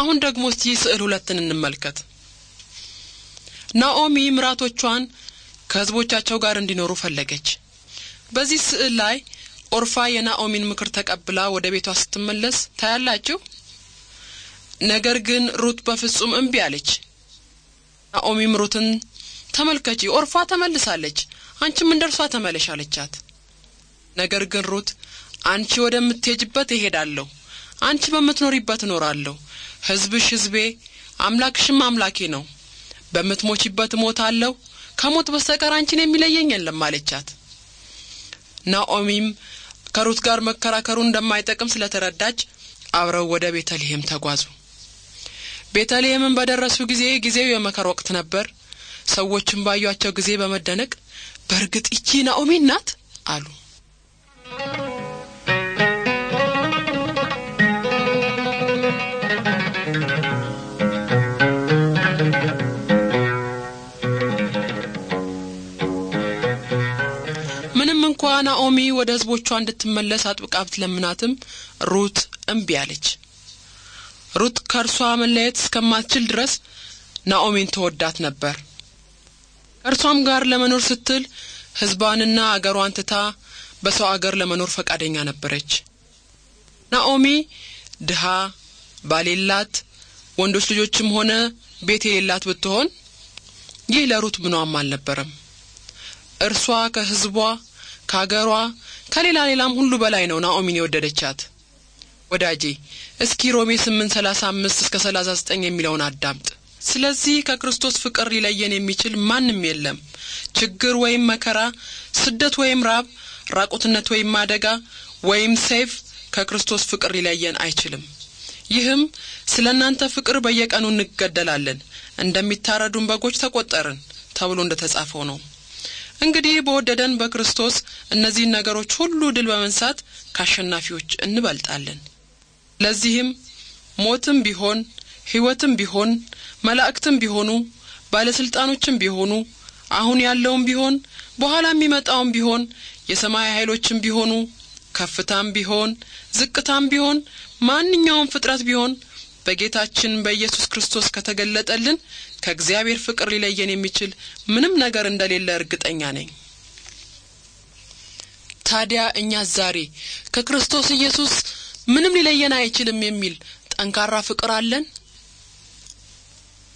አሁን ደግሞ እስቲ ስዕል ሁለትን እንመልከት። ናኦሚ ምራቶቿን ከህዝቦቻቸው ጋር እንዲኖሩ ፈለገች። በዚህ ስዕል ላይ ኦርፋ የናኦሚን ምክር ተቀብላ ወደ ቤቷ ስትመለስ ታያላችሁ። ነገር ግን ሩት በፍጹም እምቢ አለች። ናኦሚም ሩትን ተመልከቺ፣ ኦርፋ ተመልሳለች፣ አንቺም እንደ እርሷ ተመለሽ አለቻት። ነገር ግን ሩት አንቺ ወደምትሄጅበት እሄዳለሁ አንቺ በምትኖሪበት እኖራለሁ፣ ሕዝብሽ ሕዝቤ፣ አምላክሽም አምላኬ ነው። በምትሞቺበት እሞታለሁ፣ ከሞት በስተቀር አንቺን የሚለየኝ የለም አለቻት። ናኦሚም ከሩት ጋር መከራከሩ እንደማይጠቅም ስለተረዳች አብረው ወደ ቤተልሔም ተጓዙ። ቤተልሔምን በደረሱ ጊዜ ጊዜው የመከር ወቅት ነበር። ሰዎችም ባዩቸው ጊዜ በመደነቅ በእርግጥ ይቺ ናኦሚ ናት አሉ። እንኳ ናኦሚ ወደ ህዝቦቿ እንድትመለስ አጥብቃ ብትለምናትም ሩት እምቢ አለች። ሩት ከእርሷ መለየት እስከማትችል ድረስ ናኦሚን ተወዳት ነበር። ከእርሷም ጋር ለመኖር ስትል ህዝቧንና አገሯን ትታ በሰው አገር ለመኖር ፈቃደኛ ነበረች። ናኦሚ ድሃ ባሌላት ወንዶች ልጆችም ሆነ ቤት የሌላት ብትሆን ይህ ለሩት ምኗም አልነበረም። እርሷ ከህዝቧ ከአገሯ ከሌላ ሌላም ሁሉ በላይ ነው ናኦሚን የወደደቻት። ወዳጄ እስኪ ሮሜ አምስት እስከ 39 የሚለውን አዳምጥ። ስለዚህ ከክርስቶስ ፍቅር ሊለየን የሚችል ማንም የለም። ችግር ወይም መከራ፣ ስደት ወይም ራብ፣ ራቁትነት ወይም አደጋ ወይም ሰይፍ ከክርስቶስ ፍቅር ሊለየን አይችልም። ይህም ስለ እናንተ ፍቅር በየቀኑ እንገደላለን፣ እንደሚታረዱን በጎች ተቆጠርን ተብሎ እንደ ተጻፈው ነው። እንግዲህ በወደደን በክርስቶስ እነዚህን ነገሮች ሁሉ ድል በመንሳት ከአሸናፊዎች እንበልጣለን። ለዚህም ሞትም ቢሆን ሕይወትም ቢሆን መላእክትም ቢሆኑ ባለስልጣኖችም ቢሆኑ አሁን ያለውም ቢሆን በኋላ የሚመጣውም ቢሆን የሰማይ ኃይሎችም ቢሆኑ ከፍታም ቢሆን ዝቅታም ቢሆን ማንኛውም ፍጥረት ቢሆን በጌታችን በኢየሱስ ክርስቶስ ከተገለጠልን ከእግዚአብሔር ፍቅር ሊለየን የሚችል ምንም ነገር እንደሌለ እርግጠኛ ነኝ። ታዲያ እኛ ዛሬ ከክርስቶስ ኢየሱስ ምንም ሊለየን አይችልም የሚል ጠንካራ ፍቅር አለን?